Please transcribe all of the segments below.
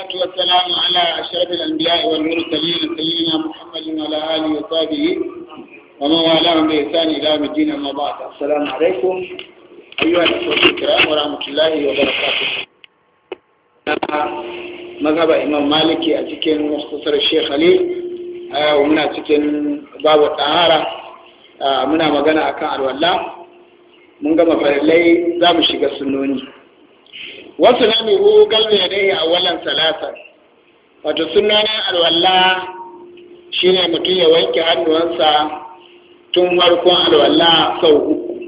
والصلاة والسلام على أشرف الأنبياء والمرسلين سيدنا محمد وعلى آله وصحبه ومن والاهم بإحسان إلى يوم الدين أما بعد السلام عليكم أيها الأخوة الكرام ورحمة الله وبركاته مذهب إمام مالكي أتكن مختصر الشيخ علي ومن أتكن باب الطهارة muna magana akan alwala mun gama farillai za mu shiga sunnoni wasu na nuhu galmi da dai a wallan salasar, wato sunanin alwala shi ne mutum ya wanke hannuwansa tun farkon alwala sau uku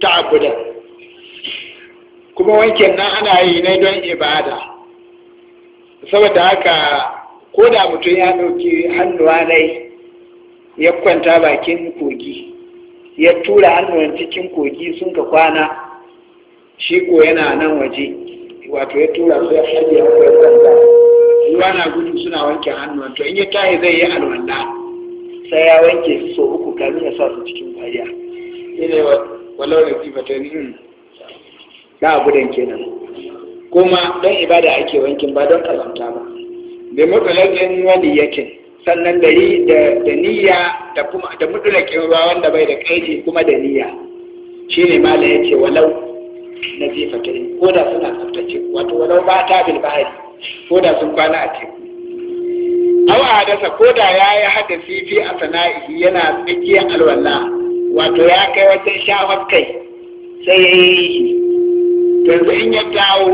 ta abuda kuma wankin nan ana yi ne don ibada saboda haka ko da mutum ya ɗauki hannuwa nai ya kwanta bakin kogi ya tura hannuwan cikin kogi sun ka kwana shi ko yana nan waje wato ya tura su ya shirya ya kanta ruwa na gudu suna wanke hannu wato in ya tahi zai yi alwanda sai ya wanke su so uku kamin ya sa su cikin kwaya ne walau da sifatan hmm. na ke nan? kuma don ibada ake wankin ba don kalanta ba da mutulakin wani yakin sannan da da niyya da kuma da mutulakin ruwa wanda bai da kaiji kuma da niyya ma da yake walau Na jefa nazifatain ko da suna tsaftace wato walau ba ta bil bahari ko da sun kwana a teku aw hadasa ko da hada hadasi fi asna'ihi yana tsakiyar alwala wato ya kai wajen shafar kai sai ya yi yanzu in ya dawo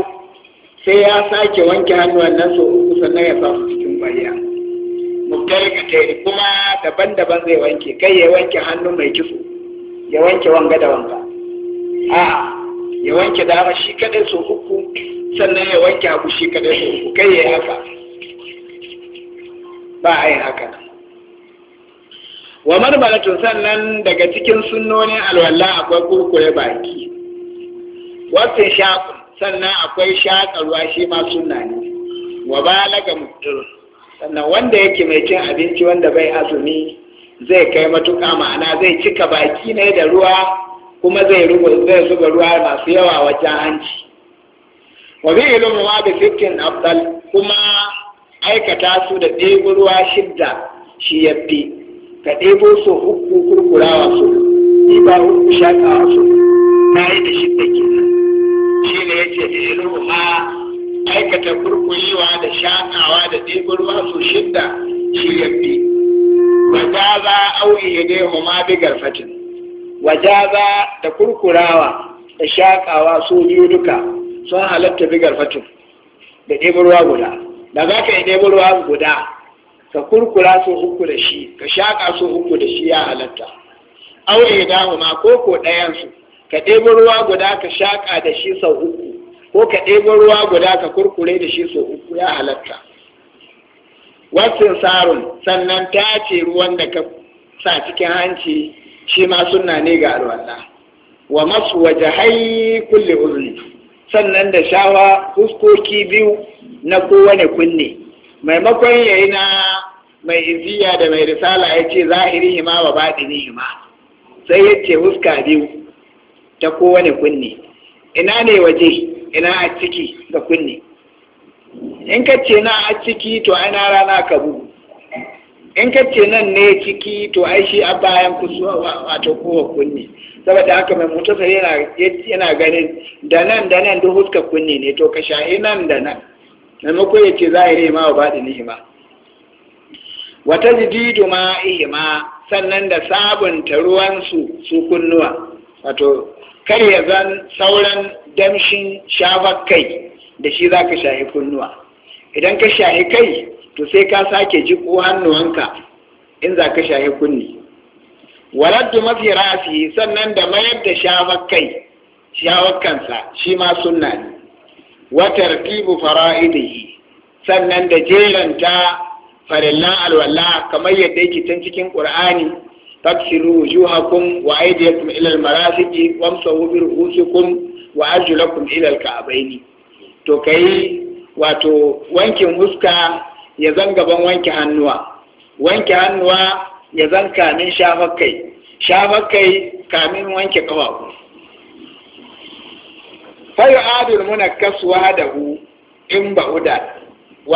sai ya sake wanke hannuwan nan so uku sannan ya sa su cikin kwariya mubtarikatai kuma daban-daban zai wanke kai ya wanke hannu mai kitso ya wanke wanga da wanga a ya wanke dama shi kadai so uku sannan ya wanke abu shi kadai so uku kai ya yi haka ba a yi haka wa marmaratun sannan daga cikin sunnonin alwala akwai kurkure baki wasu shakun sannan akwai shaƙarwa shi ma sunna ne wa balaga mutum sannan wanda yake mai cin abinci wanda bai azumi zai kai matuƙa ma'ana zai cika baki ne da ruwa kuma zai rugu zai zuba ruwa masu yawa wajen hanci wa bi ilmu ma bi fikin afdal kuma aikata su da ɗebo ruwa shidda shi yabbi. ka ɗebo su uku kurkurawa su ni ba uku shakawa su na yi da shidda nan. shi ne ya ce ilmu ma aikata kurkuriwa da shakawa da ɗebo ruwa su shidda shi yabbi. wa za za auye ne ma bi garfatin wajaza da kurkurawa da shaƙawa su biyu duka sun halatta bigar fatin da ɗeburwa guda da za ka yi ɗeburwa guda ka kurkura su uku da shi ka shaƙa su uku da shi ya halatta aure dahu ma ko ko ɗayansu ka ɗeburwa guda ka shaƙa da shi sau uku ko ka ɗeburwa guda ka kurkure da shi sau uku ya halatta wasu sarun sannan ta ce ruwan da ka sa cikin hanci shi ma suna ne ga alwala wa masu waje hai kulle uzuri sannan da shawa fuskoki biyu na kowane kunne maimakon yayi na mai iziya da mai risala ya ce zahiri hima wa baɗi ni hima sai ya ce huska biyu ta kowane kunne ina ne waje ina a ciki ga kunne in ka ce na a ciki to ana rana ka bugu in ka ce nan ne ciki to ai shi a bayan kusa wato kowa kunne saboda haka mai mutasar yana ganin da nan da nan duk huska kunne ne to ka shahi nan da nan maimako ya ce zahiri ma wa baɗi nihima wata jididu ma ihima sannan da sabunta ruwansu su kunnuwa wato kar zan sauran damshin shafakai, kai da shi za ka shahi kunnuwa idan ka shahi kai to sai ka sake jiko hannuwanka in za ka shahi kunni waladdu mafi rafi sannan da mayar da shawar kai shawar shi ma sunna ne wa tartibu fara'idihi sannan da jeranta farillan alwala kamar yadda yake can cikin qur'ani tafsiru wujuhakum wa aydiyakum ila almarafiqi wamsahu bi ru'usikum wa arjulakum ila Ka'abaini. to kai wato wankin huska ya zan gaban wanke hannuwa wanke hannuwa ya zan kamin shafakai kai kamin wanke kawaku fayo adul muna kasuwa da hu in ba'uda